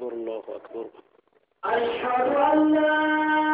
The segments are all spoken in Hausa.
আকবর আল্লাহ আকবর أشهد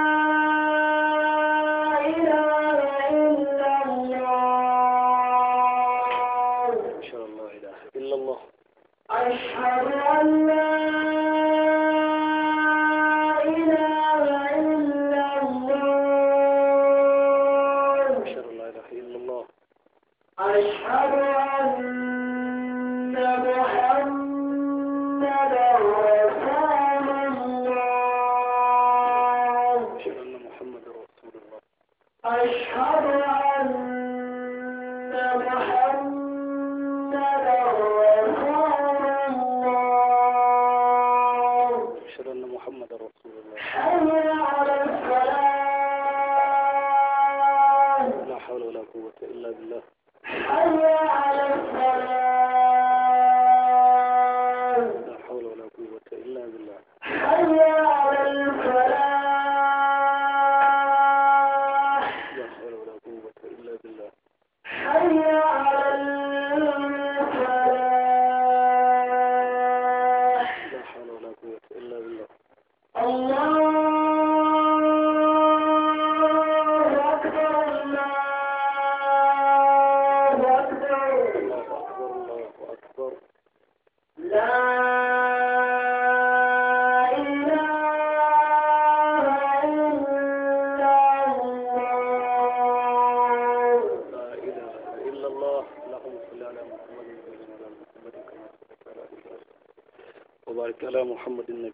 محمد النبي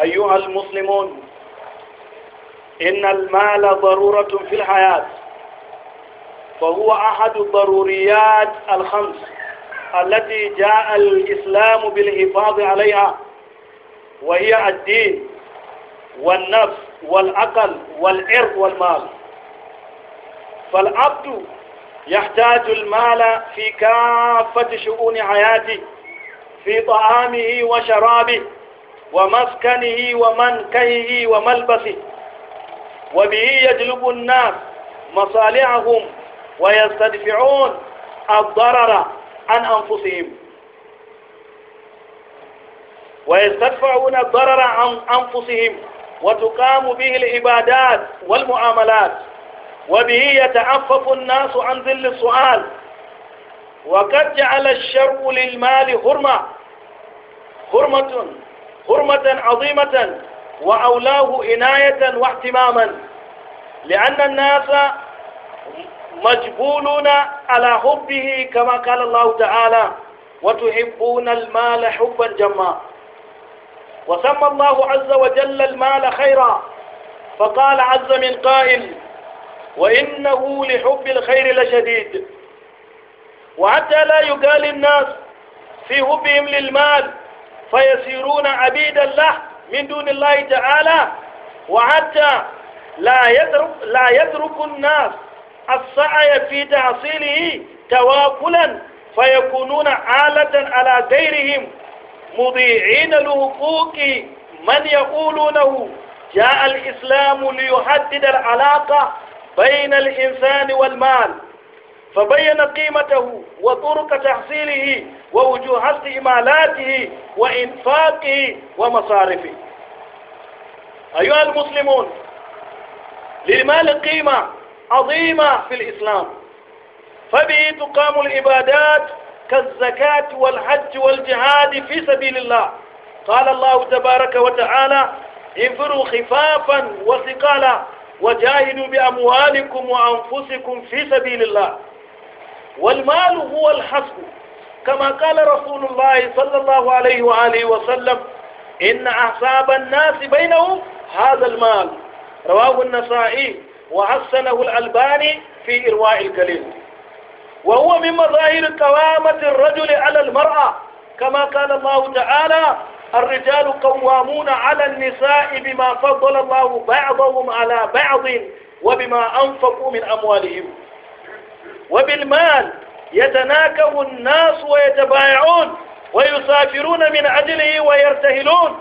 أيها المسلمون إن المال ضرورة في الحياة فهو أحد الضروريات الخمس التي جاء الإسلام بالحفاظ عليها وهي الدين والنفس والعقل والإرث والمال فالعبد يحتاج المال في كافة شؤون حياته في طعامه وشرابه ومسكنه ومنكهه وملبسه وبه يجلب الناس مصالحهم ويستدفعون الضرر عن أنفسهم ويستدفعون الضرر عن أنفسهم وتقام به العبادات والمعاملات وبه يتعفف الناس عن ذل السؤال وقد جعل الشر للمال حرمة حرمة حرمة عظيمة وأولاه عناية واهتماما لأن الناس مجبولون على حبه كما قال الله تعالى وتحبون المال حبا جما وسمى الله عز وجل المال خيرا فقال عز من قائل وإنه لحب الخير لشديد وحتى لا يقال الناس في حبهم للمال فيصيرون عبيدا له من دون الله تعالى وحتى لا يترك لا يترك الناس السعي في تحصيله تواكلا فيكونون آلة على غيرهم مضيعين لحقوق من يقولونه جاء الإسلام ليحدد العلاقة بين الإنسان والمال فبين قيمته وطرق تحصيله ووجوه استعمالاته وإنفاقه ومصارفه أيها المسلمون للمال قيمة عظيمة في الإسلام فبه تقام العبادات كالزكاة والحج والجهاد في سبيل الله قال الله تبارك وتعالى انفروا خفافا وثقالا وجاهدوا بأموالكم وأنفسكم في سبيل الله والمال هو الحسب كما قال رسول الله صلى الله عليه وآله وسلم إن أحساب الناس بينهم هذا المال رواه النسائي وحسنه الألباني في إرواء الكليل وهو من مظاهر قوامة الرجل على المرأة كما قال الله تعالى الرجال قوامون على النساء بما فضل الله بعضهم على بعض وبما أنفقوا من أموالهم وبالمال يتناكب الناس ويتبايعون ويسافرون من عدله ويرتهلون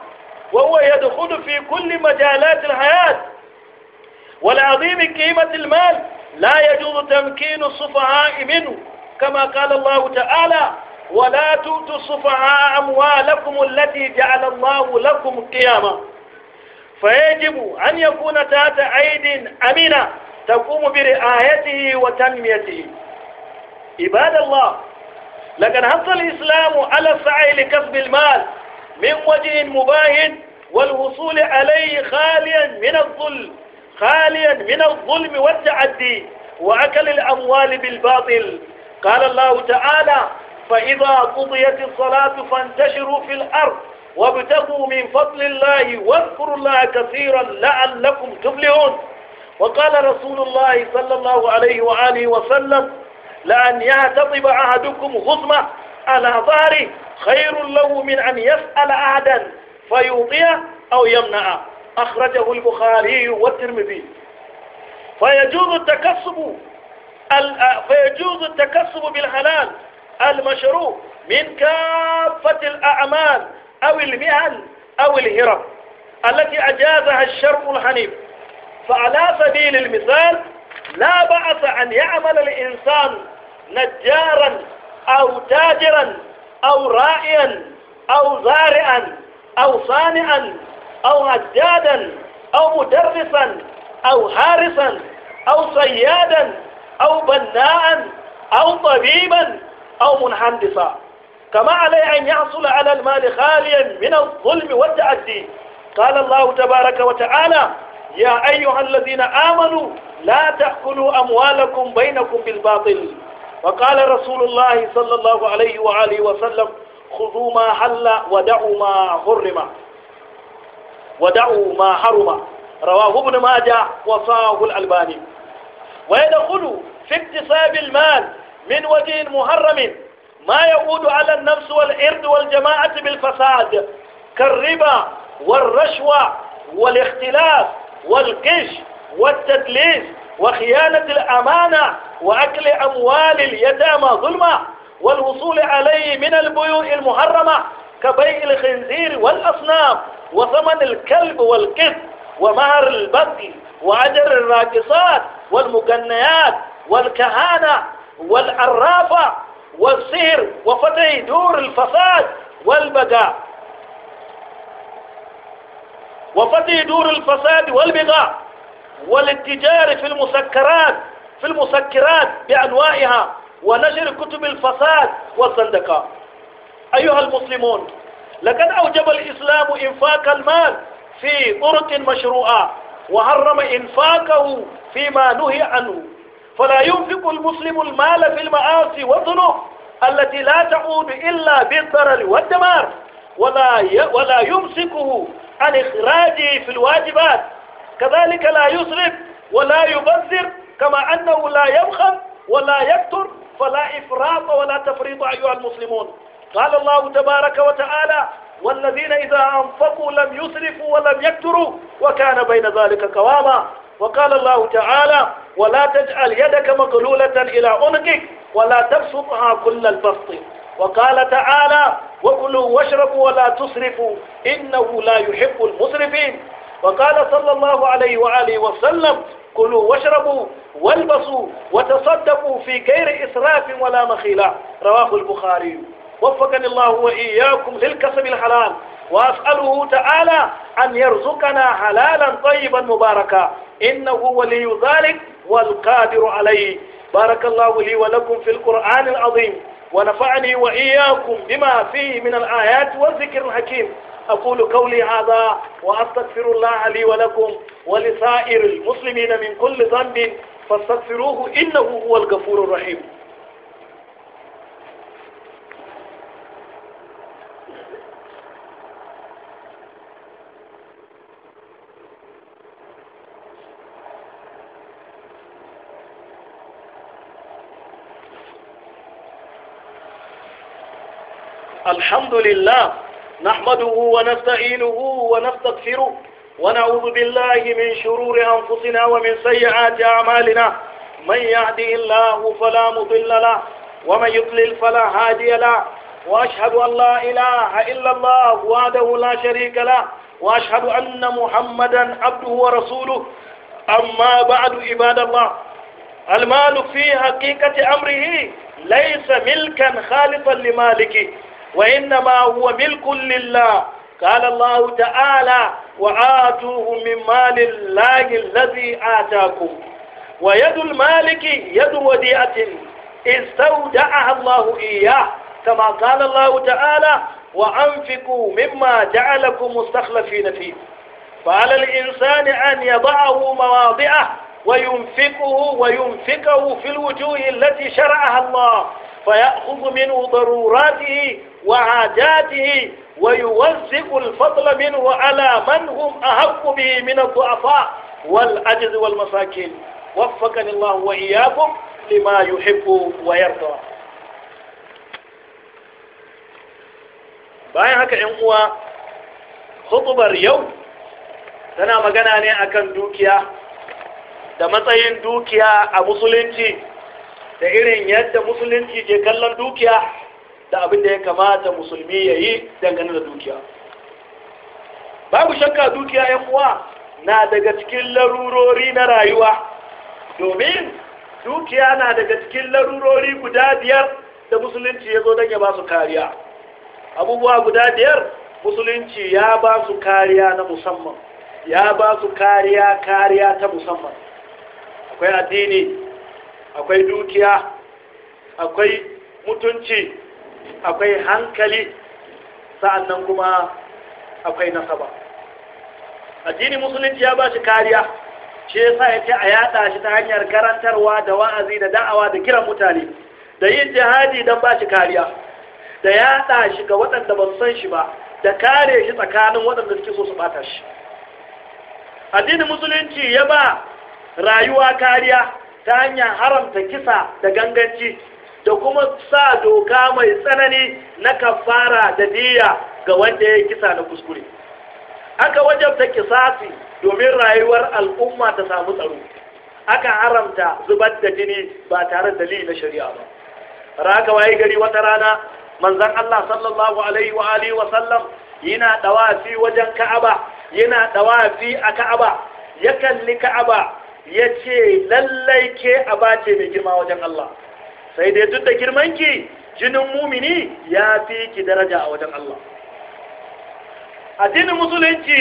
وهو يدخل في كل مجالات الحياة والعظيم قيمة المال لا يجوز تمكين الصفعاء منه كما قال الله تعالى ولا تؤتوا الصفعاء أموالكم التي جعل الله لكم قياما فيجب أن يكون تحت أيد أمينة تقوم برعايته وتنميته عباد الله لكن حث الإسلام على السعي لكسب المال من وجه مباين والوصول عليه خاليا من الظلم خاليا من الظلم والتعدي وأكل الأموال بالباطل قال الله تعالى فإذا قضيت الصلاة فانتشروا في الأرض وابتغوا من فضل الله واذكروا الله كثيرا لعلكم تفلحون وقال رسول الله صلى الله عليه وآله وسلم لأن يهتطب أحدكم خصمة على ظهره خير له من أن يسأل أحدا فيوطيه أو يمنعه أخرجه البخاري والترمذي فيجوز التكسب فيجوز التكسب بالحلال المشروع من كافة الأعمال أو المهن أو الهرم التي أجازها الشرع الحنيف فعلى سبيل المثال لا بعث أن يعمل الإنسان نجارا أو تاجرا أو رائيا أو زارعا أو صانعا أو نجادا أو مدرسا أو حارسا أو صيادا أو بناء أو طبيبا أو مهندسا كما عليه أن يحصل على المال خاليا من الظلم والتعدي قال الله تبارك وتعالى يا أيها الذين آمنوا لا تأكلوا أموالكم بينكم بالباطل وقال رسول الله صلى الله عليه وآله وسلم خذوا ما حل ودعوا ما حرم ودعوا ما حرم رواه ابن ماجه وصاه الألباني ويدخل في اكتساب المال من وجه محرم ما يقود على النفس والإرد والجماعة بالفساد كالربا والرشوة والاختلاف والقش والتدليس وخيانة الأمانة وأكل أموال اليتامى ظلمة والوصول عليه من البيوع المحرمة كبيع الخنزير والأصنام وثمن الكلب والكذب ومهر البقي وعجر الراقصات والمكنيات والكهانة والعرافة والسهر وفتح دور الفساد والبقاء وفتح دور الفساد والبغاء والاتجار في المسكرات في المسكرات بأنواعها ونشر كتب الفساد والزندقة أيها المسلمون لقد أوجب الإسلام إنفاق المال في طرق مشروعة وحرم إنفاقه فيما نهي عنه فلا ينفق المسلم المال في المعاصي والذنوب التي لا تعود إلا بالضرر والدمار ولا ولا يمسكه عن إخراجه في الواجبات كذلك لا يسرف ولا يبذر كما أنه لا يبخل ولا يكتر فلا إفراط ولا تفريط أيها المسلمون قال الله تبارك وتعالى والذين إذا أنفقوا لم يسرفوا ولم يكتروا وكان بين ذلك قواما وقال الله تعالى ولا تجعل يدك مقلولة إلى عنقك ولا تبسطها كل البسط وقال تعالى وكلوا واشربوا ولا تسرفوا إنه لا يحب المسرفين وقال صلى الله عليه وآله وسلم كلوا واشربوا والبسوا وتصدقوا في غير إسراف ولا مخيلة رواه البخاري وفقني الله وإياكم للكسب الحلال وأسأله تعالى أن يرزقنا حلالا طيبا مباركا إنه ولي ذلك والقادر عليه بارك الله لي ولكم في القرآن العظيم ونفعني وإياكم بما فيه من الآيات والذكر الحكيم أقول قولي هذا وأستغفر الله لي ولكم ولسائر المسلمين من كل ذنب فاستغفروه إنه هو الغفور الرحيم الحمد لله نحمده ونستعينه ونستغفره ونعوذ بالله من شرور أنفسنا ومن سيئات أعمالنا من يهدي الله فلا مضل له ومن يضلل فلا هادي له وأشهد أن لا إله إلا الله وحده لا شريك له وأشهد أن محمدا عبده ورسوله أما بعد عباد الله المال في حقيقة أمره ليس ملكا خالصا لمالكه وإنما هو ملك لله قال الله تعالى وآتوه من مال الله الذي آتاكم ويد المالك يد وديعة استودعها الله إياه كما قال الله تعالى وأنفقوا مما جعلكم مستخلفين فيه فعلى الإنسان أن يضعه مواضعه وينفقه وينفقه في الوجوه التي شرعها الله فيأخذ منه ضروراته وعاجاته ويوزق الفضل منه على من هم أحق به من الضعفاء والعجز والمساكين وفقني الله وإياكم لما يحب ويرضى bayan haka ‘yan uwa hutubar yau tana magana ne akan dukiya da matsayin dukiya a musulunci da irin yadda musulunci ke kallon dukiya da abin da ya kamata musulmi ya yi dangane da dukiya babu shakka dukiya yan uwa na daga cikin larurori na rayuwa domin dukiya na daga cikin larurori guda biyar da musulunci ya zo don ya ba su kariya abubuwa guda biyar musulunci ya ba su kariya na musamman ya ba su kariya kariya ta musamman akwai addini akwai dukiya akwai mutunci akwai hankali sa'annan kuma akwai nasaba addini musulunci ya ba shi kariya shi sa ya ce a yada shi ta hanyar karantarwa da wa'azi da da'awa da kiran mutane da yin jihadi don ba shi kariya da yada shi ga waɗanda ban san shi ba da kare shi tsakanin waɗanda suke so su bata shi addinin musulunci ya ba rayuwa kariya ta hanyar haramta kisa da ganganci da kuma sa doka mai tsanani na kafara da diya ga wanda ya kisa na kuskure aka wajabta kisasi domin rayuwar al'umma ta samu tsaro aka haramta zubar da jini ba tare da na shari'a ba raka waye gari wata rana manzan Allah sallallahu alaihi wa alihi wa sallam yana dawafi wajen Ka'aba yana dawafi a Ka'aba ya kalli Ka'aba ya ce lallai ke aba ce mai girma wajen Allah sai dai duk da girmanki jinin mumini ya fi ki daraja a wajen Allah addinin musulunci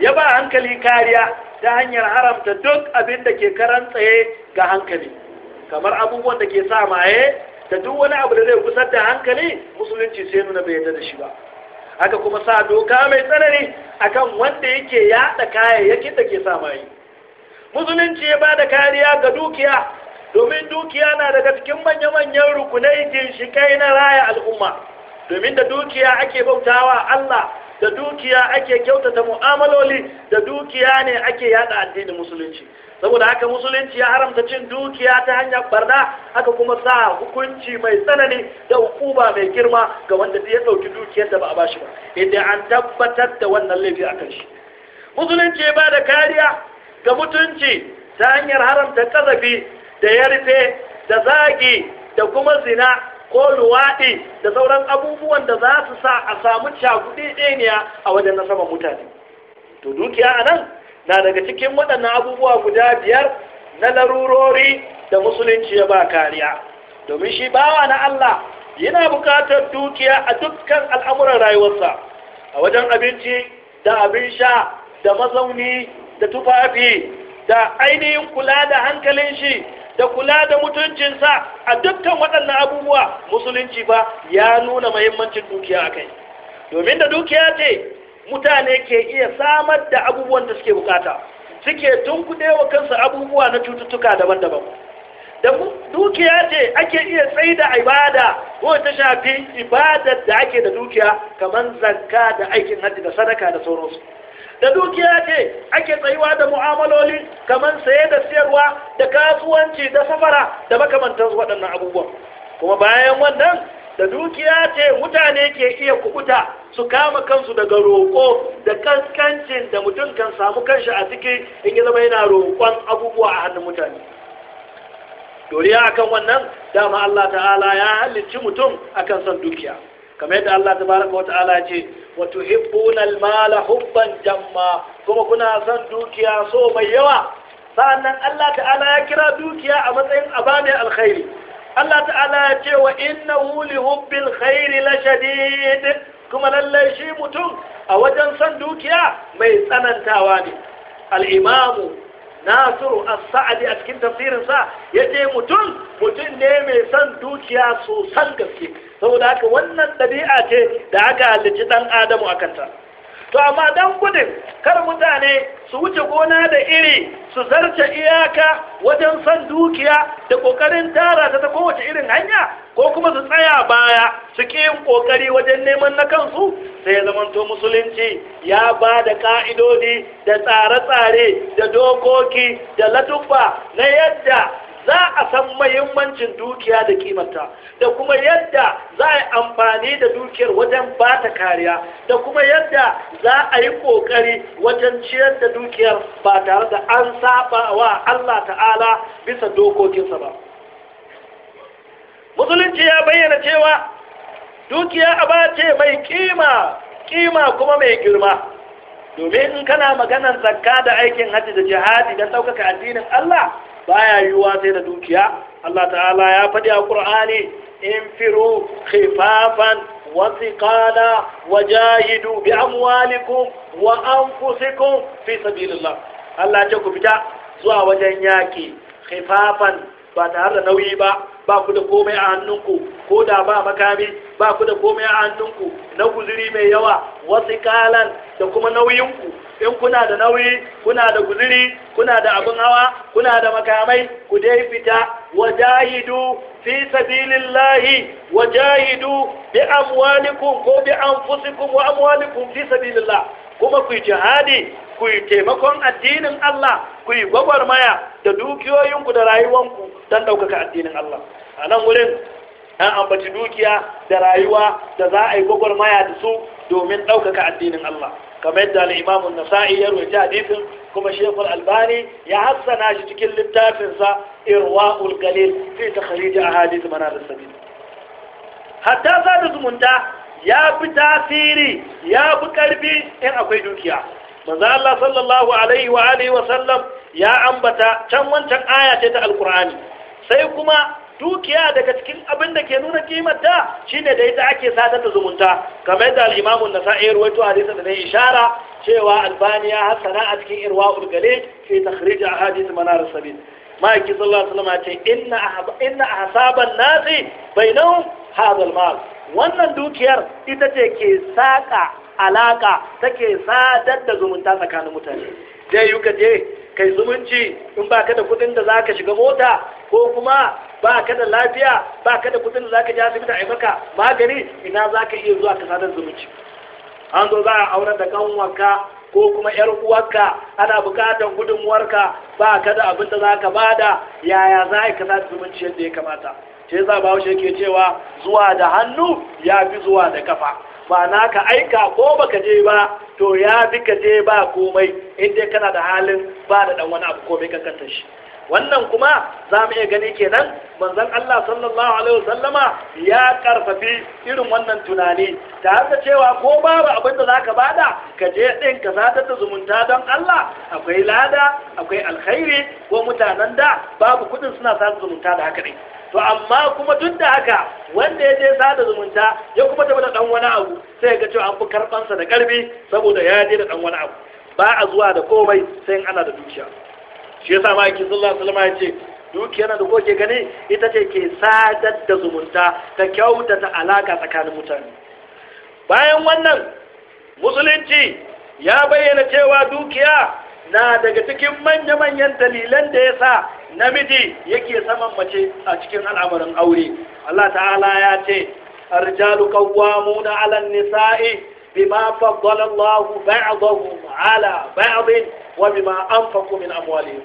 ya ba hankali kariya ta hanyar haramta duk abin da ke karan tsaye ga hankali kamar abubuwan da ke sa maye da duk wani abu da zai kusa da hankali musulunci sai nuna bai yadda da shi ba haka kuma sa doka mai tsanani kan wanda yake yaɗa kayayyakin da ke sa maye musulunci ya ba da kariya ga dukiya domin dukiya na daga cikin manya-manyan rukunai ginshikai na raya al'umma domin da dukiya ake bautawa Allah da dukiya ake kyautata mu'amaloli da dukiya ne ake yada addinin musulunci saboda haka musulunci ya haramta cin dukiya ta hanyar barna haka kuma sa hukunci mai tsanani da hukuma mai girma ga wanda ya ɗauki dukiyar da ba a bashi ba idan an tabbatar da wannan laifi a kanshi musulunci ba da kariya ga mutunci ta hanyar haramta kazafi da rufe da zagi da kuma zina ko luwaɗi da sauran abubuwan da za su sa a samu cakuɗi ɗeniya a wajen na saman mutane to dukiya a nan na daga cikin waɗannan abubuwa guda biyar na larurori da musulunci ya ba kariya domin shi bawa na Allah yana buƙatar dukiya a dukkan al'amuran rayuwarsa a wajen abinci da abin sha da mazauni da tufafi da ainihin kula da hankalin shi da kula da mutuncinsa a dukkan waɗannan abubuwa musulunci ba ya nuna mahimmancin dukiya a kai domin da dukiya ce mutane ke iya samar da abubuwan da suke bukata suke tunkudewa wa kansu abubuwa na cututtuka daban-daban da dukiya ce ake iya tsaye da ibada ko ta shafi ibadar da ake da dukiya kamar zanka da aikin hajji da sadaka da sauransu da dukiya ce ake tsayuwa da mu'amaloli kamar saye da siyarwa da kasuwanci da safara da makamantansu waɗannan abubuwan kuma bayan wannan da dukiya ce mutane ke iya kukuta su kama kansu daga roƙo da kankancin da mutum kan samu kanshi a cikin in ya zama yana roƙon abubuwa a hannun mutane doriya akan wannan dama Allah ta'ala ya halicci mutum akan son dukiya kamar yadda Allah tabaraka wa ta'ala ce wa tuhibbuna al-mala hubban jamma kuma kuna son dukiya so mai yawa sa'annan Allah ta'ala ya kira dukiya a matsayin abane alkhairi Allah ta'ala ya ce wa innahu li hubbil khairi la shadid kuma lallai shi mutum a wajen son dukiya mai tsanantawa ne al-imamu nasiru as-sa'di a cikin tafsirinsa yace mutum mutum ne mai son dukiya sosan gaske saboda haka wannan ɗabi'a ce da aka halicci ɗan adamu a kanta to amma dan gudun kar mutane su wuce gona da iri su zarce iyaka wajen son dukiya da kokarin tara ta kowace irin hanya ko kuma su tsaya baya su ƙi yin ƙoƙari wajen neman na kansu sai ya zamanto musulunci ya ba da ƙa'idodi da tsare-tsare da dokoki da latuffa na yadda za a san mahimmancin dukiya da ƙimarta, da kuma yadda za a yi amfani da dukiyar wajen ba ta kariya da kuma yadda za a yi ƙoƙari wajen ciyar da dukiyar ba tare da an saba wa Allah ta'ala bisa dokokinsa ba musulunci ya bayyana cewa dukiya aba ce mai kima kima kuma mai girma domin in kana maganar zakka da aikin hajji da jihadi don ɗaukaka addinin Allah baya yiwuwa sai da dukiya Allah ta'ala ya faɗi a Qur'ani infiru khifafan wa thiqala wa jahidu bi amwalikum wa anfusikum fi sabilillah Allah ya ku fita zuwa wajen yaki khifafan ba tare da nauyi ba ba ku da komai a hannunku ko da ba makami ba ku da komai a hannunku na guziri mai yawa wasu kalan da kuma nauyinku in kuna da nauyi kuna da guziri kuna da abin hawa kuna da makamai ku dai fita wajahidu fi sabilillahi wajahidu bi amwalikum ko bi anfusikum wa amwalikum fi sabilillah kuma ku jihadi ku yi taimakon addinin Allah ku yi gwagwarmaya da dukiyoyinku da rayuwanku don ɗaukaka addinin Allah a nan wurin an ambaci dukiya da rayuwa da za a yi gwagwarmaya da su domin ɗaukaka addinin Allah kamar yadda al'imamu nasa'i ya roci hadisin kuma shekul albani ya hassana shi cikin littafinsa irwa'ul galil fi takhrij ahadith manar sabil hatta ta zumunta ya fi tasiri ya fi karfi in akwai dukiya manzo Allah sallallahu alaihi wa alihi wa sallam ya ambata can wancan aya ce ta alqur'ani sai kuma dukiya daga cikin abin da ke nuna kimar ta shine da ita ake sadar da zumunta kamar yadda al-Imam an-Nasa'i ya hadisin da zai ishara cewa Albaniya hasana a cikin irwaul gale fi takhrij ahadith manar sabil ma'aiki sallallahu alaihi wasallam ce inna inna ahsaban nasi bainahum hadha al-mal wannan dukiyar ita ce ke saka alaka take sadar da zumunta tsakanin mutane zai yi ka je kai zumunci in ba ka da kudin da za ka shiga mota ko kuma ba ka da lafiya ba ka da kudin da za zaka je asibiti a maka magani ina za ka iya zuwa ka sadar zumunci an zo za a auren da kanwarka ko kuma yar uwarka ana bukatar gudunmuwarka ba ka da abin da za ba bada yaya za ka sadar zumunci yadda ya kamata sai za ba ke cewa zuwa da hannu ya fi zuwa da kafa Ba na ka aika ko baka je ba to ya bi ka je ba komai in dai kana da halin ba da ɗan wani abu komai kankanta shi wannan kuma za mu iya gani kenan manzon Allah sallallahu alaihi wasallama ya karfafi irin wannan tunani ta haka cewa ko babu abin da za zaka bada ka je din ka sadar da zumunta don Allah akwai lada akwai alkhairi ko mutanen da babu kudin suna sadar zumunta da haka ne to amma kuma duk da haka wanda ya je sada zumunta ya kuma tafi da dan wani abu sai ga cewa an fi karbansa da karbi saboda ya je da dan wani abu ba a zuwa da komai sai in ana da dukiya shi yasa ma yake sallallahu alaihi wasallam ya ce dukiya dukiyar da koke gani ita ce ke sadar da zumunta ta kyautata alaka tsakanin mutane bayan wannan musulunci ya bayyana cewa dukiya na daga cikin manya-manyan dalilan da ya sa namiji yake saman mace a cikin al'amarin aure Allah ta'ala ya ce arjalu qawwamuna 'ala an-nisa'i bima faddala Allahu ba'dahum 'ala ba'd wa bima anfaqu min amwalihim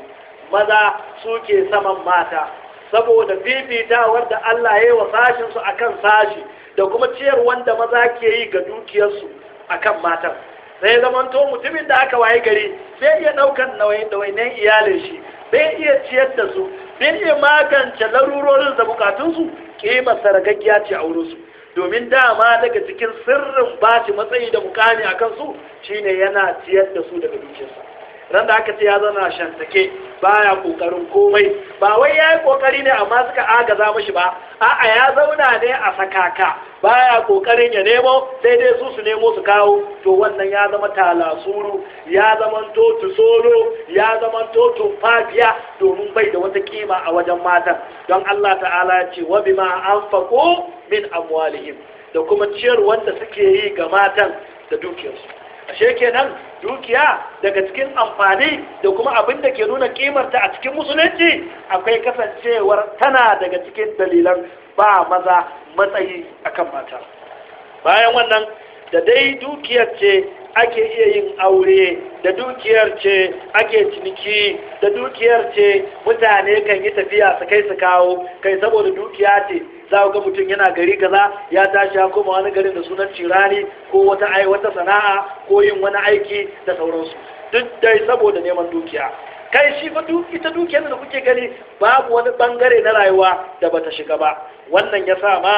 maza suke saman mata saboda fifitawar wanda Allah ya yi wa sashin su akan sashi da kuma ciyar wanda maza ke yi ga dukiyarsu akan matan sai zamanto mutumin da aka waye gari sai iya daukan nawayin da iyalin shi bai iya ciyar da su bai iya magance larurorin da bukatunsu kima saragaggiya ce a wurinsu domin dama daga cikin sirrin bashi matsayi da mukami a kansu shine yana ciyar da su daga dukiyarsa ran da aka ce ya zauna shantake ba ya kokarin komai ba wai ya yi kokari ne amma suka agaza mashi ba a'a ya zauna ne a sakaka baya kokarin ya nemo sai dai su su nemo su kawo to wannan ya zama talasuru ya zama totu solo ya zama totu fafiya domin bai da wata kima a wajen matan don Allah ta'ala ya ce wa bima anfaqu min amwalihim da kuma ciyar wanda suke yi ga matan da dukiyarsu ashe kenan dukiya daga cikin amfani da kuma abin da ke nuna kimarta a cikin musulunci akwai kasancewar tana daga cikin dalilan ba maza matsayi akan mata bayan wannan da dai dukiyar ce ake iya yin aure da dukiyar ce ake ciniki da dukiyar ce mutane kan yi tafiya su kai su kawo kai saboda dukiya ce za ga mutum yana gari kaza ya tashi ya koma wani garin da sunan cirani ko wata ai wata sana'a ko yin wani aiki da sauransu duk dai saboda neman dukiya kai shi fa ita dukiyar da kuke gani babu wani bangare na rayuwa da bata shiga ba wannan yasa sa ma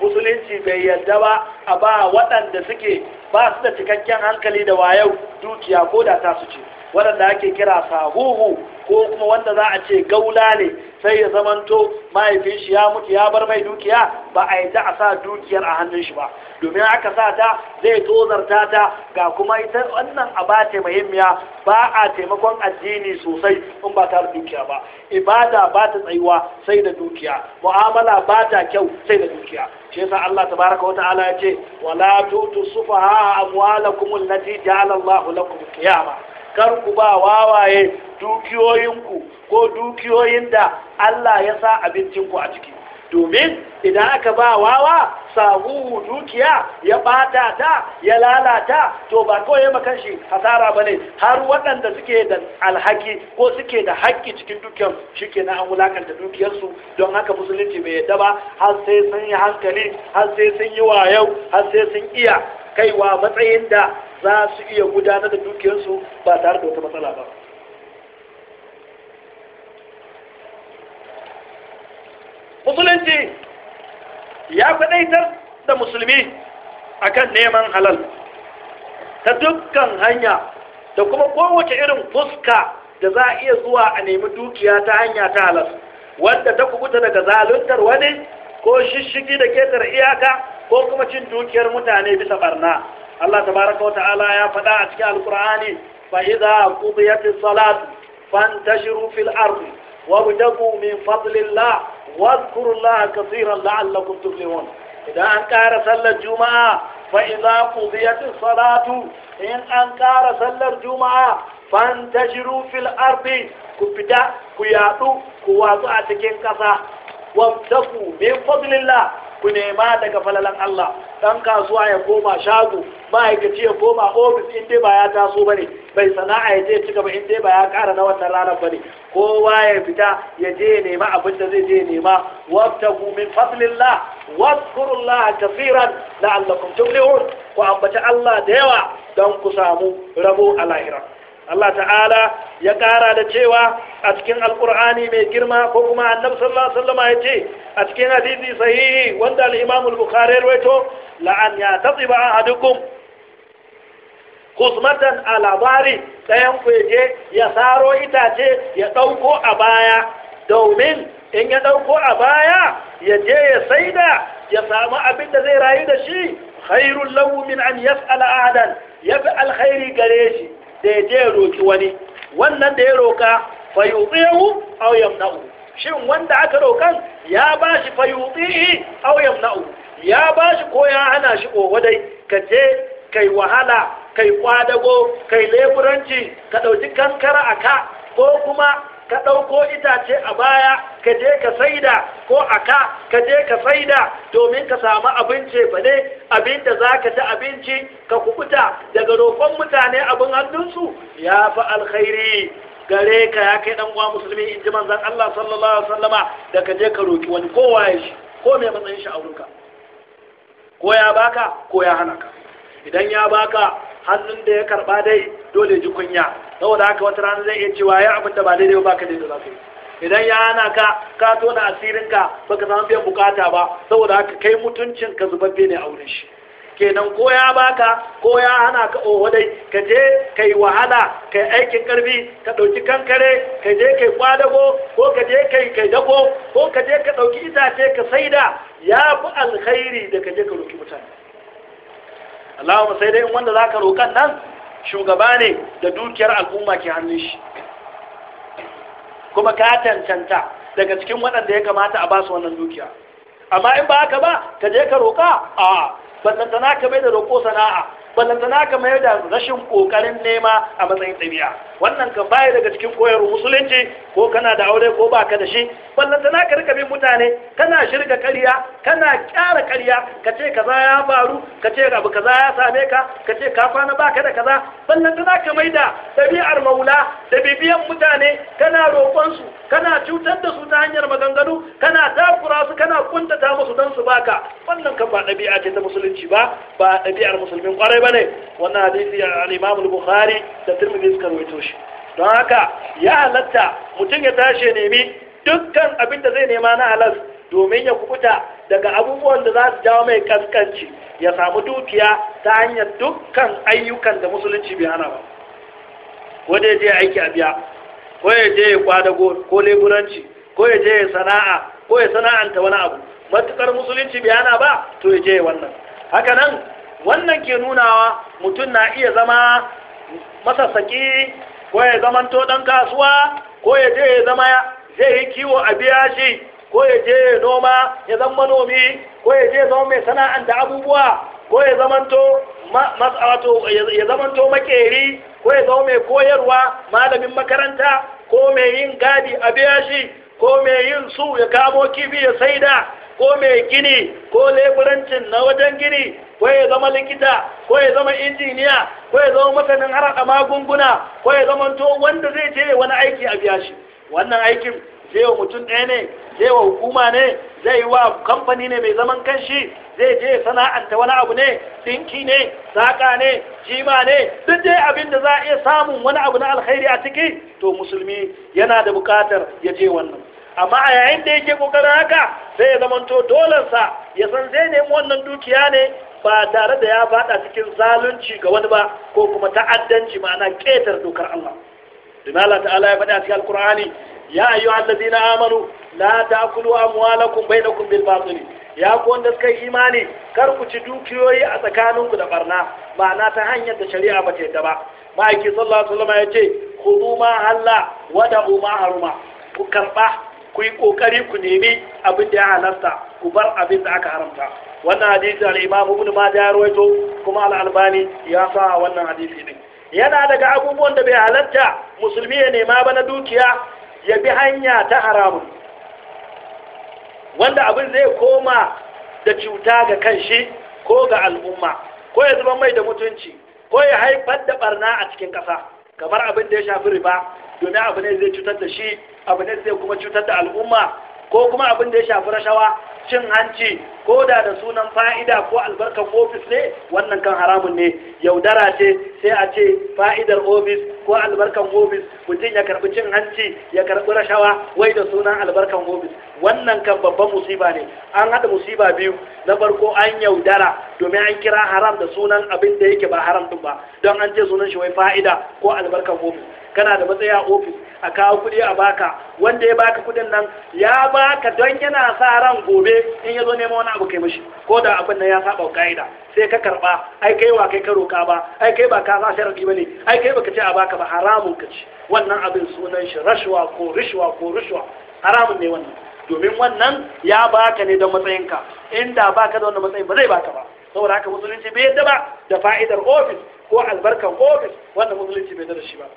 musulunci bai yarda ba a ba waɗanda suke ba su da cikakken hankali da wayau dukiya ko da ta su ce waɗanda ake kira sahuhu ko kuma wanda za a ce gaula ne sai ya zamanto mahaifin shi ya mutu ya bar mai dukiya ba a yi ta a sa dukiyar a hannun shi ba domin aka sa ta zai tozarta ta ga kuma ita wannan aba ce muhimmiya ba a taimakon addini sosai in ba ta dukiya ba ibada ba ta tsayuwa sai da dukiya mu'amala ba ta kyau sai da dukiya shi yasa Allah tabaraka wata'ala ya ce wala tutu sufaha amwalakum allati ja'ala Allahu lakum qiyama kar ku ba wawaye dukiyoyinku ko dukiyoyin da Allah ya sa abincinku a ciki domin idan aka ba wawa sahuhu dukiya ya ɓata ta ya lalata to ba kawai ya makan shi hasara ba ne, har waɗanda suke da alhaki ko suke da haƙƙi cikin dukiyar shike na an wulakanta dukiyarsu don haka musulunci bai yadda ba har sai sun yi hankali har sai sun yi wayau har sai sun iya kaiwa matsayin da za su iya gudanar da dukiyarsu ba tare da wata matsala ba musulunci ya faɗaitar da musulmi akan neman halal ta dukkan hanya da kuma kowace irin fuska da za a iya zuwa a nemi dukiya ta hanya ta halal wadda ta kubuta daga zaluntar wani ko shishigi da ketar iyaka ko kuma cin dukiyar mutane bisa barna Allah tabaraka wa ya faɗa a cikin alkur'ani fa idza qudiyatis salat fantashiru fil ardi wabtagu min fadlillah wadhkurullaha katsiran la'allakum tuflihun idan an ƙara sallar juma'a fa idza qudiyatis salatu in an ƙara sallar juma'a fantashiru fil ardi ku fita ku yaɗu ku wasu a cikin ƙasa wabtagu min fadlillah ku nema daga falalan Allah dan kasuwa ya koma shago ma'aikaci ya koma ofis in dai ba ya taso bane bai sana'a ya je ci gaba in dai ba ya ƙara na wannan ranar bane kowa ya fita ya je ya nema abin da zai je nema wabtagu min fadlillah wadhkurullaha kaseeran la'allakum tuflihun ku ambaci Allah da yawa don ku samu rabo a lahira Allah ta'ala ya ƙara da cewa a cikin alƙur'ani mai girma ko kuma annabi sallallahu alaihi wasallam ya ce a cikin hadisi sahihi wanda al-Imam al-Bukhari ya rawaito la'an ya tatiba ahadukum a labari ɗayan ku je ya saro itace ya ɗauko a baya domin in ya ɗauko a baya ya je ya saida ya samu abin da zai rayu da shi khairul lahu min an yas'ala ahadan yafi alkhairi gare shi da ya je roki wani wannan da ya roka fayuɗihu aw na'u shin wanda aka rokan ya bashi fayuɗihi aw na'u ya ba shi ko ya hana shi ƙogwadai dai ka je kai wahala kai kwadago kai leburanci ka ɗauki kankara a ka ko kuma ka ɗauko itace a baya ka je ka saida ko a ka ka je ka saida domin ka samu abinci ba ne abin da za ka ci abinci ka kubuta daga roƙon mutane abin hannunsu ya fi alkhairi gare ka ya kai ɗan uwa musulmi in ji manzan Allah sallallahu alaihi da ka je ka roƙi wani kowa ya shi ko mai matsayin shi a wurinka ko ya baka ko ya hana ka idan ya baka hannun da ya karɓa dai dole ji kunya saboda haka wata rana zai iya cewa ya abin da ba daidai ba ka daidai za ka yi idan ya hana ka ka tona asirinka baka samu biyan bukata ba saboda haka kai mutuncin ka zubabbe ne a wurin shi kenan ko ya baka ko ya hana ka oho dai ka je ka yi wahala ka yi aikin karfi ka ɗauki kankare ka je ka yi kwadago ko ka je ka yi kai dago ko ka je ka ɗauki itace ka saida ya fi alkhairi da ka je ka roki mutane Allahumma sai dai in wanda za ka roƙan nan shugaba ne da dukiyar al'umma ke hannun shi kuma ka tantanta daga cikin waɗanda ya kamata a basu wannan dukiya amma in ba haka ba ka je ka roƙa a ballantana ka mai da roƙo sana'a ballantana ka mai da rashin ƙoƙarin nema a matsayin ɗabi'a wannan kan baya daga cikin koyar musulunci ko kana da aure ko baka da shi ballan tana ka rika bin mutane kana shirga karya, kana ƙyara karya, ka ce kaza ya faru ka ce abu kaza ya same ka ka ce ka kwana baka da kaza ballan tana ka maida ɗabi'ar maula da bibiyan mutane kana roƙon su kana cutar da su ta hanyar maganganu kana takura su kana kuntata musu dan su baka wannan kan ba ɗabi'a ce ta musulunci ba ba ɗabi'ar musulmin kwarai bane wannan hadisi al-Imam al-Bukhari da Tirmidhi suka rawaito shi don haka ya halatta mutum ya tashi nemi dukkan abin da zai nema na halas domin ya kubuta daga abubuwan da za su jawo mai kaskanci ya samu dukiya ta hanyar dukkan ayyukan da musulunci bi hana ba ko ya je aiki a biya ko ya je ya kwada ko leburanci ko ya je ya sana'a ko ya sana'anta wani abu matukar musulunci bi hana ba to ya je wannan haka nan wannan ke nunawa mutum na iya zama masasaki ko ya zamanto ɗan kasuwa ko ya je ya zama zai yi kiwo a biya shi ko ya je ya noma ya zama manomi ko ya je zama mai sana'an da abubuwa ko ya zamanto wato ya to makeri ko ya zama mai koyarwa malamin makaranta ko mai yin gadi a biya shi ko mai yin su ya kamo kifi ya saida ko mai gini ko leburancin na wajen gini ko ya zama likita ko ya zama injiniya ko ya zama masanin haraka magunguna ko ya zama to wanda zai je wani aiki a biya shi wannan aikin zai wa mutum ɗaya ne zai wa hukuma ne zai wa kamfani ne mai zaman kanshi zai je sana'anta wani abu ne ɗinki ne saƙa ne jima ne duk dai abin da za a iya samun wani abu na alkhairi a ciki to musulmi yana da buƙatar ya je wannan amma a yayin da yake ƙoƙarin haka sai ya zamanto dolensa ya san zai nemi wannan dukiya ne ba tare da ya fada cikin zalunci ga wani ba ko kuma ta'addanci ma'ana ketar dokar Allah domin Allah ta'ala ya faɗi a cikin Alƙur'ani ya ayyu allazina amanu la ta'kulu amwalakum bainakum bil batil ya ku wanda suka yi imani kar ku ci dukiyoyi a tsakaninku da barna ma'ana ta hanyar da shari'a ba ta ba ma'aiki sallallahu alaihi wasallam ya ce khudu ma halla wa da'u ma haruma ku karɓa ku yi kokari ku nemi abin da ya halarta ku bar abin da aka haramta wannan hadisi al-imam ibn majah ya rawaito kuma al-albani ya sa wannan hadisi din yana daga abubuwan da bai halatta musulmi ya nema ba na dukiya ya bi hanya ta haramun wanda abin zai koma da cuta ga kanshi ko ga al'umma ko ya zuba mai da mutunci ko ya haifar da barna a cikin kasa kamar abin da ya shafi riba domin abu ne zai cutar da shi abu ne zai kuma cutar da al'umma ko kuma abin da ya shafi rashawa cin hanci ko da da sunan fa'ida ko albarkar ofis ne wannan kan haramun ne yaudara ce sai a ce fa'idar ofis ko albarkan ofis mutum ya karbi cin hanci ya karbi rashawa wai da sunan albarkar ofis wannan kan babban musiba ne an haɗa musiba biyu na farko an yaudara domin an kira haram da sunan abin da yake ba haram ɗin ba don an ce sunan shi wai fa'ida ko albarkar ofis kana da matsaya a ofis a kawo kuɗi a baka wanda ya baka kuɗin nan ya baka don yana sa ran gobe in ya zo neman wani abu kai mashi ko da abin nan ya saba ka'ida sai ka karɓa ai kai wa kai ka roka ba ai kai ba ka sa sharadi bane ai kai baka ce a baka ba haramun ka ci wannan abin sunan shi rashwa ko rishwa ko rishwa haramun ne wannan domin wannan ya baka ne don matsayinka inda baka da wannan matsayin ba zai baka ba saboda haka musulunci bai yadda ba da fa'idar ofis ko albarkar ofis wannan musulunci bai yadda da shi ba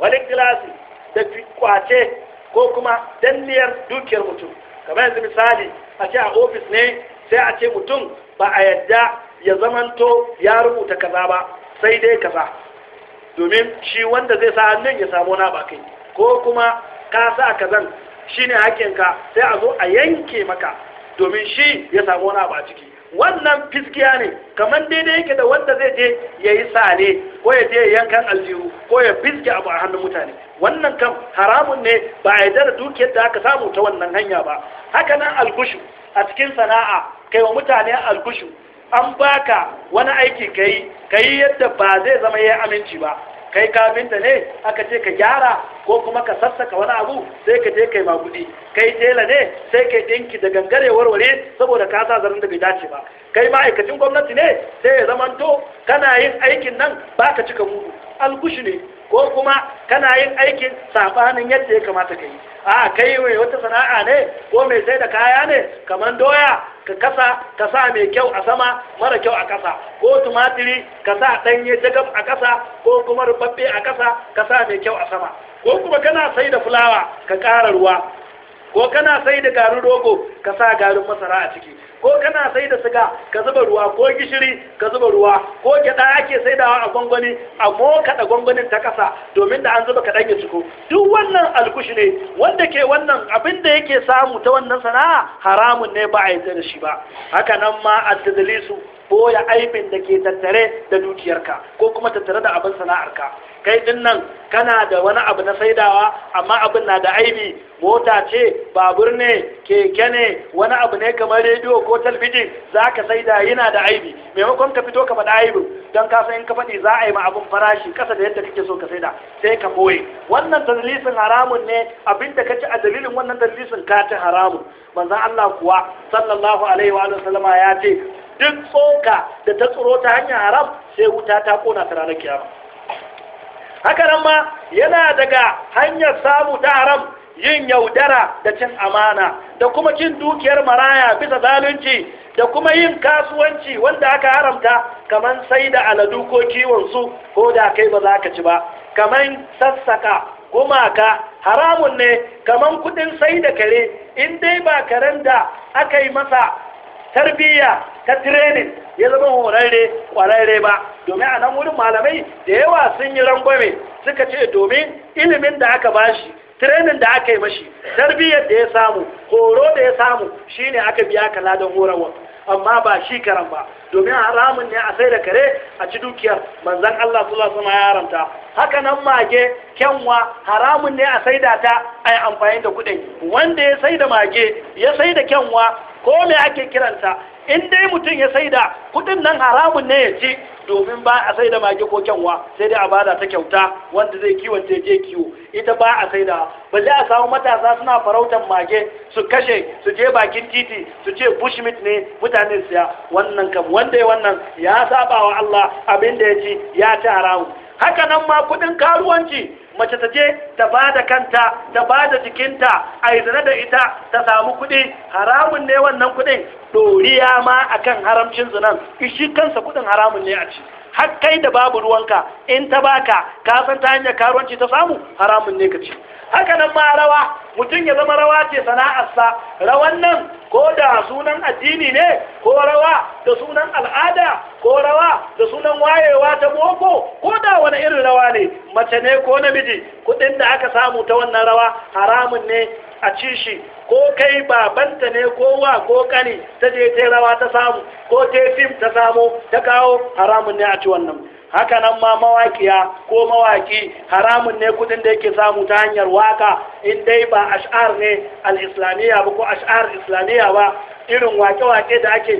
wani gilasi da kwace ko kuma danniyar dukiyar mutum kamar yanzu misali a ce a ofis ne sai a ce mutum ba a yadda ya zamanto ya rubuta kaza ba sai dai kaza domin shi wanda zai sa hannun ya samu na bakai ko kuma ka sa kazan shi ne hakinka sai a zo a yanke maka domin shi ya samu na ba ciki wannan fiskiya ne kamar daidai yake da wanda zai je ya yi sane ko ya je yankan aljihu ko ya fiske abu a hannun mutane wannan kam haramun ne ba a yarda da dukiyar da aka samu ta wannan hanya ba haka nan algushu a cikin sana'a kai wa mutane algushu an baka wani aiki kai kai yadda ba zai zama ya aminci ba kai kafinta ne aka ce ka gyara ko kuma ka sassaka wani abu sai ka je kai maguɗi kai tela ne sai kai dinki da gangare warware saboda ka sa zarin da bai dace ba kai ma'aikacin gwamnati ne sai ya zamanto kana yin aikin nan ba ka cika mudu Alkushi ne ko kuma kana yin aikin saɓanin yadda ya kamata ka yi a kai mai wata sana'a ne ko mai sai da kaya ne kamar doya ka kasa ka sa mai kyau a sama mara kyau a kasa ko tumatiri ka sa ɗanye jagab a kasa ko kuma rubabbe a kasa ka sa mai kyau a sama ko kuma kana sai da fulawa ka ƙara ruwa ko kana sai da garin rogo ka sa garin masara a ciki ko kana sai da siga ka zuba ruwa ko gishiri ka zuba ruwa ko gyada ake sai da a gwangwani a moka da gwangwanin ta kasa domin da an zuba kaɗan ya ciko duk wannan alkushi ne wanda ke wannan abin da yake samu ta wannan sana'a haramun ne ba a yi da shi ba haka nan ma a ko ya aibin da ke tattare da dukiyarka ko kuma tattare da abin sana'arka kai din nan kana da wani abu na saidawa amma abin na da aibi mota ce babur ne keke ne wani abu ne kamar rediyo ko talbijin za ka saida yana da aibi maimakon ka fito ka faɗi aibin don ka san in ka faɗi za a yi ma abin farashi ƙasa da yadda kake so ka saida sai ka boye wannan dalilin haramun ne abinda ka ci a dalilin wannan dalilin ka ta haramun manzon Allah kuwa sallallahu alaihi wa sallama ya ce duk tsoka da ta tsoro ta hanyar haram sai wuta ta kona ta ranar kiyama haka nan ma yana daga hanyar samu ta haram yin yaudara da cin amana da kuma cin dukiyar maraya bisa zalunci da kuma yin kasuwanci wanda aka haramta kamar sai da aladu ko kiwon su ko da kai ba za ka ci ba kamar sassaka gumaka haramun ne kaman kudin sai da kare in dai ba karen da aka yi masa tarbiyya ta training ya zama horarre kwararre ba domin a nan wurin malamai da yawa sun yi rangwame suka ce domin ilimin da aka bashi tirenin da aka yi mashi tarbiyyar da ya samu horo da ya samu shine aka biya kala da horarwa amma ba shi karan ba domin haramun ne a sai da kare a ci dukiyar manzan Allah sallallahu alaihi ya haka nan mage kyanwa haramun ne a sai da ta a yi amfani da kuɗin wanda ya sai da mage ya sai da kyanwa ko me ake kiranta in dai mutum ya saida kudin nan haramun ne ya ci domin ba a saida mage ko kyanwa sai dai a bada ta kyauta wanda zai kiwonta je kiwo ita ba a saida balle a samu matasa suna farautar mage su kashe su je bakin titi su ce bushmit ne mutane siya wannan kam wanda ya wannan ya saba wa Allah abin da ya ci ya ci haramun haka nan ma kudin karuwanci mace ta je ta ba da kanta ta ba da jikinta a izina da ita ta samu kuɗi haramun ne wannan kuɗin ɗoriya ma a kan haramcin zinan Ishi kansa kuɗin haramun ne a ci har kai da babu ruwanka in ta baka ka san ta hanyar karuwanci ta samu haramun ne ka ci haka nan ma rawa mutum ya zama rawa ce sana'arsa rawan nan ko da sunan addini ne ko rawa da sunan al'ada ko rawa da sunan wayewa ta boko ko da wani irin rawa ne mace ne ko namiji kuɗin da aka samu ta wannan rawa haramun ne a ci shi ko kai babanta ne ko wa ko kani ta je ta rawa ta samu ko ta fim ta samu ta kawo haramun ne a ci wannan haka nan ma mawakiya ko mawaki haramun ne kudin da yake samu ta hanyar waka in dai ba ash'ar ne al-islamiyya ba ko ash'ar islamiyya ba irin wake-wake da ake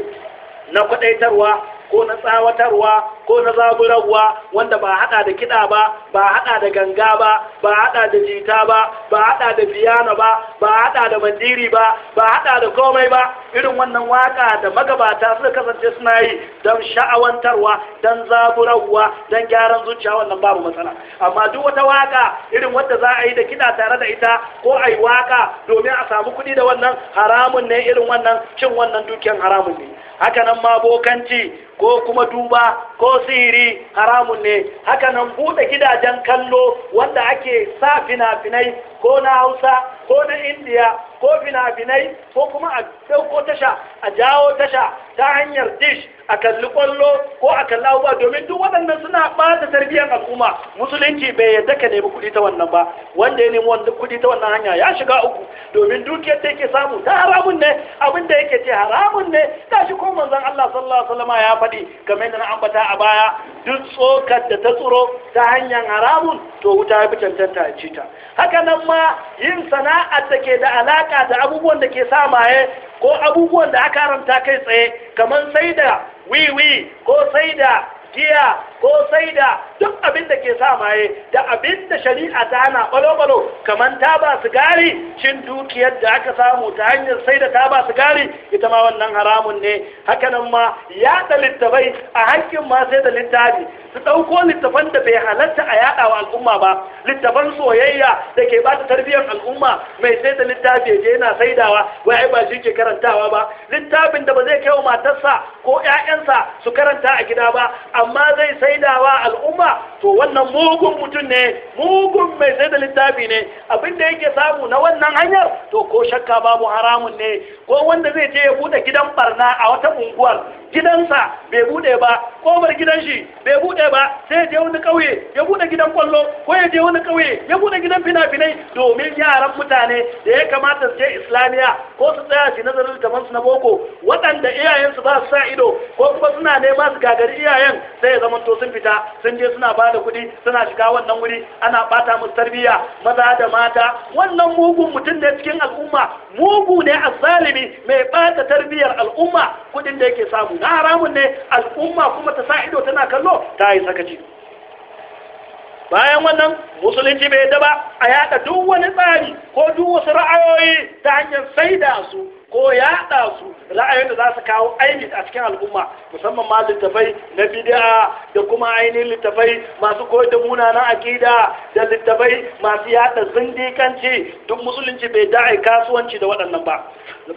na kudaitarwa ko na tsawatarwa ko na zaburarwa wanda ba hada da kiɗa ba ba hada da ganga ba ba hada da jita ba ba hada da biyana ba ba hada da mandiri ba ba hada da komai ba irin wannan waka da magabata suka kasance suna yi don sha'awantarwa don zaburarwa don gyaran zuciya wannan babu matsala amma duk wata waka irin wadda za a yi da kiɗa tare da ita ko a yi waka domin a samu kuɗi da wannan haramun ne irin wannan cin wannan dukiyan haramun ne haka nan ma bokanci ko kuma duba ko sihiri haramun ne haka nan buɗe gidajen kallo wanda ake sa fina-finai ko na hausa ko na indiya ko fina-finai ko kuma a ɗauko tasha a jawo tasha ta hanyar dish a kalli kwallo ko a kalli abubuwa domin duk waɗannan suna ɓata tarbiyyar al'umma musulunci bai yadda ka nemi kuɗi ta wannan ba wanda ya nemi wanda kuɗi ta wannan hanya ya shiga uku domin dukiyar da yake samu ta haramun ne abin da yake ce haramun ne ta shi ko manzon Allah sallallahu alaihi wasallam ya faɗi game da na ambata a baya duk tsokar da ta tsoro ta hanyar haramun to wuta ya fi cancanta a ci ta haka kuma yin sana'ar da ke da alaka da abubuwan da ke sa maye ko abubuwan da aka haramta kai tsaye kamar sai da wiwi ko sai da giya ko saida duk abin da ke sa maye da abin da shari'a ta hana balo-balo kamar su gari? cin dukiyar da aka samu ta hanyar saida su gari? ita ma wannan haramun ne hakanan ma yaɗa littafai a hankin ma sai da littafi su ɗauko littafan da bai halatta a yaɗa wa al'umma ba littafan soyayya da ke bata tarbiyyar al'umma mai sai da littafi ya je yana saidawa wai ba shi ke karantawa ba littafin da ba zai kai wa matarsa ko 'ya'yansa su karanta a gida ba a amma zai sai saidawa al'umma to wannan mugun mutum ne mugun mai sai da littafi ne abin da yake samu na wannan hanyar to ko shakka babu haramun ne ko wanda zai je ya bude gidan barna a wata unguwar gidansa bai bude ba ko bar gidan shi bai bude ba sai ya je wani kauye ya bude gidan kwallo ko ya je wani kauye ya bude gidan fina-finai domin yaran mutane da ya kamata su je islamiya ko su tsaya shi nazarin su na boko waɗanda iyayensu ba su sa ido ko kuma suna nema su gagari iyayen sai ya zama sun fita sun je suna ba da kuɗi suna shiga wannan wuri ana ɓata musu tarbiyya maza da mata wannan mugun mutum ne cikin al'umma mugu ne azzalimi mai bata tarbiyyar al'umma kuɗin da yake samu na haramun ne al'umma kuma ta sa ido tana kallo ta yi sakaci bayan wannan musulunci bai daba a yada duk wani tsari ko duk wasu ra'ayoyi ta hanyar saida su ko yaɗa su ra'ayin da za su kawo aini a cikin al'umma musamman ma littafai na bid'a da kuma ainihin littafai masu koyar da munanan akida da littafai masu yaɗa zindikanci duk musulunci bai ai kasuwanci da waɗannan ba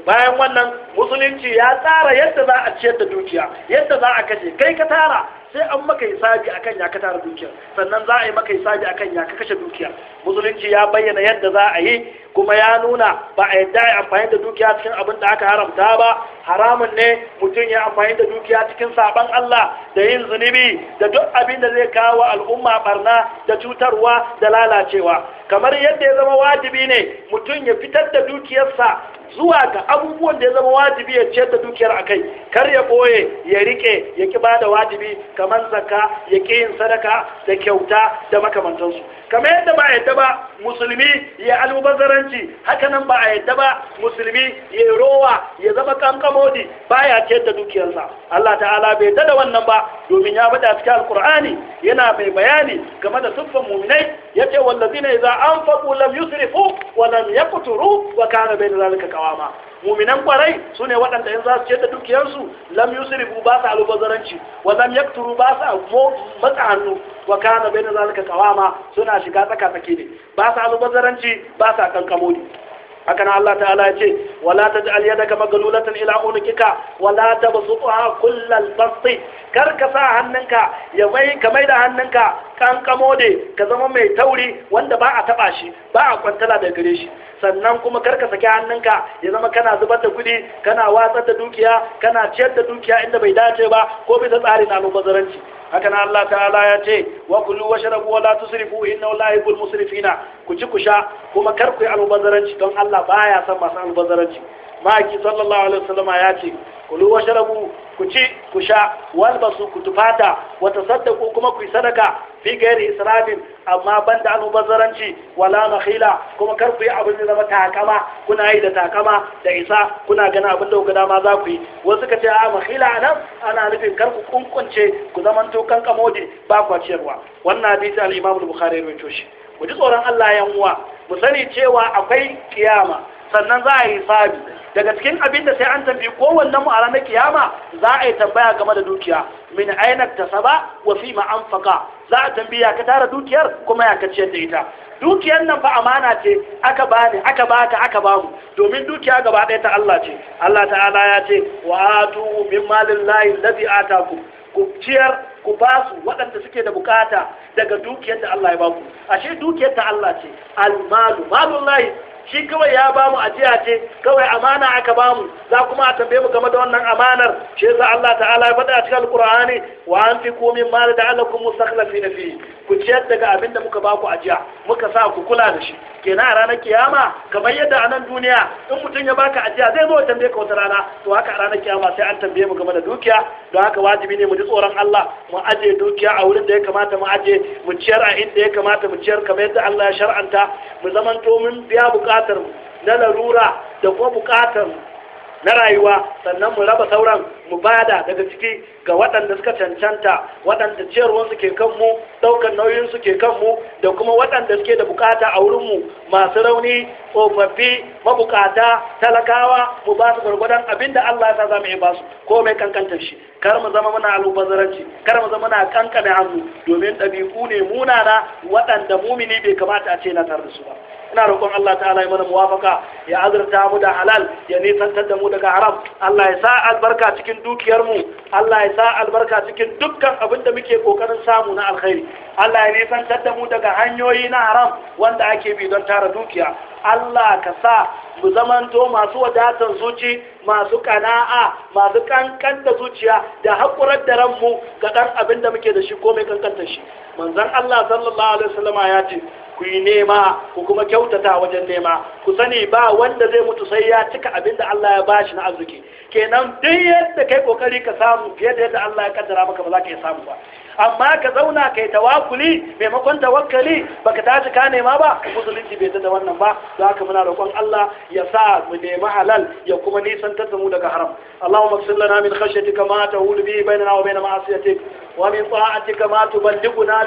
bayan wannan musulunci ya tsara yadda za a ciyar da dukiya yadda za a kashe kai ka tara sai an maka hisabi akan ya ka tara dukiyar sannan za a yi maka hisabi akan ya ka kashe dukiya musulunci ya bayyana yadda za a yi kuma ya nuna ba a yadda ya amfani da dukiya cikin abin da aka haramta ba haramun ne mutum ya amfani da dukiya cikin saban Allah da yin zunubi da duk abin da zai kawo al'umma barna da cutarwa da lalacewa kamar yadda ya zama wajibi ne mutum ya fitar da dukiyarsa zuwa ga abubuwan da ya zama wajibi ya ce da dukiyar a kai kar ya ɓoye ya riƙe ya ki ba da wajibi kamar zakka ya ƙi yin sadaka da kyauta da makamantansu kamar yadda ba a yadda ba musulmi ya almubazzaranci haka nan ba a yadda ba musulmi ya rowa ya zama kankamodi baya ce da dukiyarsa Allah ta'ala bai da wannan ba domin ya bada cikin alkur'ani yana mai bayani game da siffan muminai Ya yace wallazina idza anfaqu lam yusrifu walam yaqturu wa kana bayna zalika qawama mu'minan kwarai sune waɗanda in za su ce da dukiyarsu lam yusrifu ba sa albazaranci wa lam yaqturu ba sa matsa hannu wa kana bayna zalika qawama suna shiga tsaka tsaki ne ba sa albazaranci ba sa kankamo ne haka nan Allah ta'ala ya ce wala taj'al yadaka maglulatan ila unuqika wala tabsutha kullal basti kar ka sa hannunka ya mai ka mai da hannunka kankamo ne ka zama mai tauri wanda ba a taba shi ba a kwantala da gare shi sannan kuma karka saki hannunka ya zama kana zubar da kuɗi kana watsar da dukiya kana ciyar da dukiya inda bai dace ba ko bisa tsari na haka na Allah ta'ala ya ce wa kullu washrabu wa la tusrifu inna la yuhibbul musrifina ku ci ku sha kuma kar ku yi don Allah baya son masu almubazzaranci ma'aiki sallallahu alaihi wasallama ya ce kulu wa sharabu ku ci ku sha walbasu ku tufata wata tasaddaqu kuma ku sadaka fi gairi israfin amma banda almubazzaranci wala nakhila kuma kar ku yi abin da zama takama kuna yi da takama da isa kuna gana abin da gada ma za ku yi wasu ka ce a makhila nan ana nufin kar ku kunkunce ku zamanto kan kamodi ba ku ciyarwa wannan hadisi al-Imam al-Bukhari ya rawaito shi ji tsoron Allah yan uwa mu sani cewa akwai kiyama sannan za a yi hisabi daga cikin abin da sai an tambi kowanne mu a ranar kiyama za a yi tambaya game da dukiya min aina tasaba wa fi ma za a tambaya ka tara dukiyar kuma ya ka ciyar da ita dukiyar nan fa amana ce aka ni, aka ka aka bamu domin dukiya gaba ɗaya ta Allah ce Allah ta'ala ya ce wa atu min malillahi allazi ataku ku ciyar ku ba su waɗanda suke da bukata daga dukiyar da Allah ya baku ashe dukiyar ta Allah ce almalu malullahi shi kawai ya bamu ajiya ce kawai amana aka ba mu za kuma a tambaye mu game da wannan amanar shi yasa Allah ta'ala ya faɗa a cikin alqur'ani wa anfiqu mimma da'alakum mustakhlifin fihi ku ciyar daga abin da muka baku ajiya muka sa ku kula da shi kenan a ranar kiyama kamar yadda a nan duniya in mutum ya baka ajiya zai zo ya tambaye ka wata rana to haka a ranar kiyama sai an tambaye mu game da dukiya don haka wajibi ne mu ji tsoron Allah mu ajiye dukiya a wurin da ya kamata mu ajiye mu ciyar a inda ya kamata mu ciyar kamar yadda Allah ya shar'anta mu zamanto mun biya bukatar mu na larura da kuma bukatar na rayuwa sannan mu raba sauran mu bada daga ciki ga waɗanda suka cancanta waɗanda ciyarwansu ke kanmu ɗaukar nauyinsu ke kanmu da kuma waɗanda suke da bukata a wurinmu masu rauni tsofaffi mabukata talakawa mu ba su gwargwadon abin da Allah ya za mu ba su ko mai kankantar shi kar mu zama muna alubazaranci kar mu zama muna kankane hannu domin ɗabi'u ne munana waɗanda mumini bai kamata a ce na tare da su ba ina roƙon Allah ta'ala ya mana muwafaka ya azurta mu da halal ya nisantar da mu daga haram Allah ya sa albarka cikin dukiyar mu Allah ya sa albarka cikin dukkan abin da muke kokarin samu na alkhairi Allah ya nisantar da mu daga hanyoyi na haram wanda ake bi don tara dukiya Allah ka sa mu zamanto masu wadatan zuci masu kana'a masu ƙanƙanta zuciya da haƙurar da ranmu ga ɗan abin da muke da shi ko mai kankanta shi manzon Allah sallallahu alaihi wasallama ya ce ku yi nema ku kuma kyautata wajen nema ku sani ba wanda zai mutu sai ya cika abin da Allah ya bashi na arziki kenan duk yadda kai kokari ka samu fiye da yadda Allah ya kaddara maka ba za ka iya samu ba amma ka zauna kai tawakuli maimakon tawakkali baka tashi ka nema ba musulunci bai da wannan ba za ka muna roƙon Allah ya sa mu nemi halal ya kuma nisantar da mu daga haram Allahumma qsil lana min khashyatika ma tahulu bi Wani wa bain ma'asiyatik wa min ta'atika na tuballighuna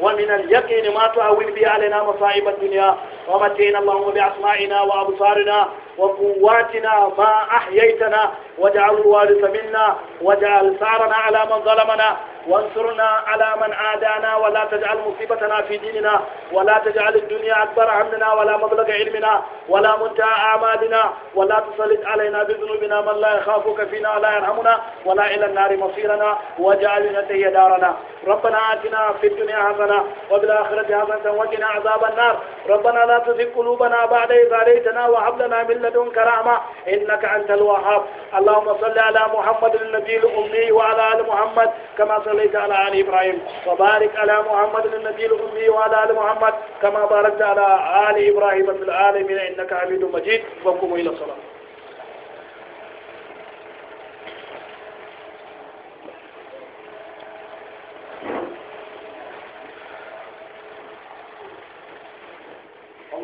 ومن اليقين ما تعول به علينا مصائب الدنيا ومتينا اللهم بأسمائنا وأبصارنا وقواتنا ما أحييتنا واجعل الوارث منا واجعل ثارنا على من ظلمنا وانصرنا على من عادانا ولا تجعل مصيبتنا في ديننا ولا تجعل الدنيا أكبر همنا ولا مبلغ علمنا ولا منتهى أعمالنا ولا تسلط علينا بذنوبنا من لا يخافك فينا ولا يرحمنا ولا إلى النار مصيرنا واجعل جنته هي دارنا ربنا آتنا في الدنيا حسنة وفي الآخرة حسنة وقنا عذاب النار ربنا لا تزغ قلوبنا بعد إذ هديتنا وهب لنا من لدنك كرامة إنك أنت الوهاب اللهم صل على محمد النبي الأمي وعلى آل محمد كما صليت على آل إبراهيم وبارك على محمد النبي الأمي وعلى آل محمد كما باركت على آل إبراهيم في العالمين إنك حميد مجيد وقوموا إلى الصلاة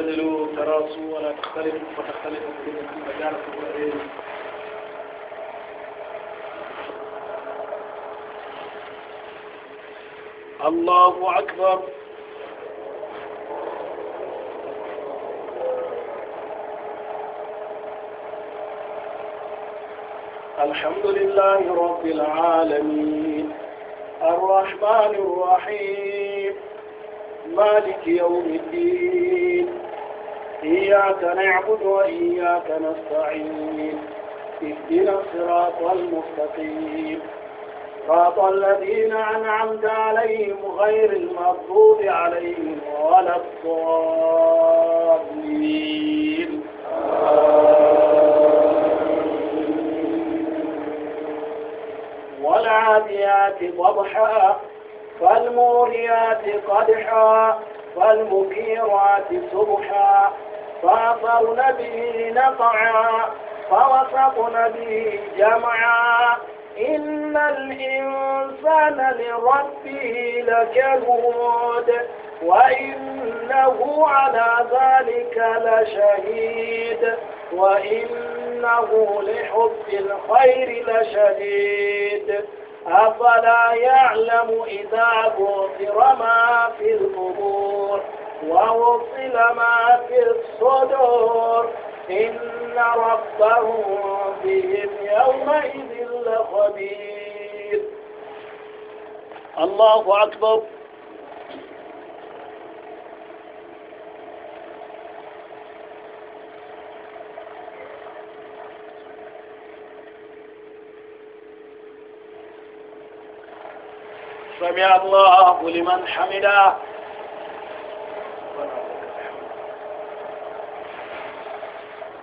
واعتدلوا تراصوا ولا تختلفوا فتختلفوا في مجالكم وإيه الله أكبر الحمد لله رب العالمين الرحمن الرحيم مالك يوم الدين إياك نعبد وإياك نستعين اهدنا الصراط المستقيم صراط الذين أنعمت عليهم غير المغضوب عليهم ولا الضالين والعاديات ضبحا فالموريات قدحا فالمكيرات صبحا فعصون به نقعا فوسطن به جمعا إن الإنسان لربه لكهود وإنه على ذلك لشهيد وإنه لحب الخير لشديد أفلا يعلم إذا غفر ما في القبور ووصل ما في الصدور إن ربهم بهم يومئذ لخبير الله أكبر سمع الله لمن حمده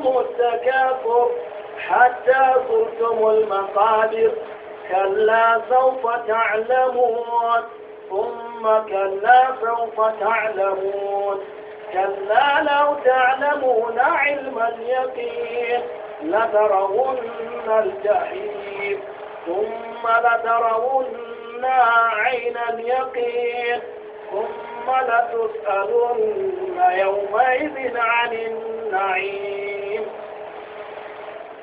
يلهمكم التكاثر حتى زرتم المقابر كلا سوف تعلمون ثم كلا سوف تعلمون كلا لو تعلمون علم اليقين لترون الجحيم ثم لترون عين اليقين ثم لتسألن يومئذ عن النعيم